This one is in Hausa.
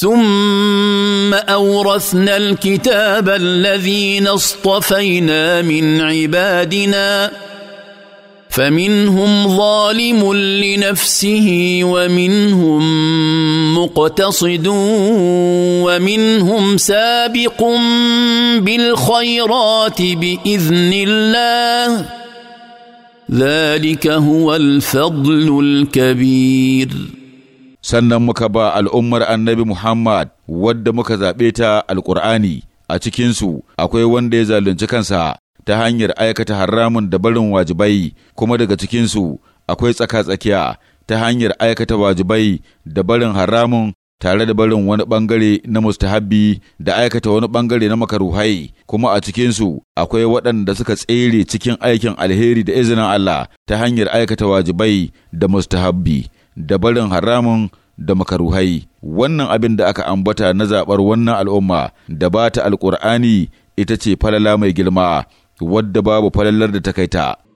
ثم اورثنا الكتاب الذين اصطفينا من عبادنا فمنهم ظالم لنفسه ومنهم مقتصد ومنهم سابق بالخيرات باذن الله ذلك هو الفضل الكبير sannan muka ba al'ummar annabi Muhammad wadda muka zaɓe ta alƙur'ani a cikinsu akwai wanda ya zalunci kansa ta hanyar aikata haramun da barin wajibai kuma daga cikinsu akwai tsaka-tsakiya ta hanyar aikata wajibai da barin haramun tare da barin wani bangare na mustahabbi da aikata wani bangare na makaruhai kuma a cikinsu akwai waɗanda suka tsere cikin aikin alheri da izinin Allah ta hanyar aikata wajibai da mustahabbi da barin haramun da makaruhai wannan abin da aka ambata na zaɓar wannan al'umma da ba ta alƙur'ani ita ce falala mai girma wadda babu falalar da ta kaita.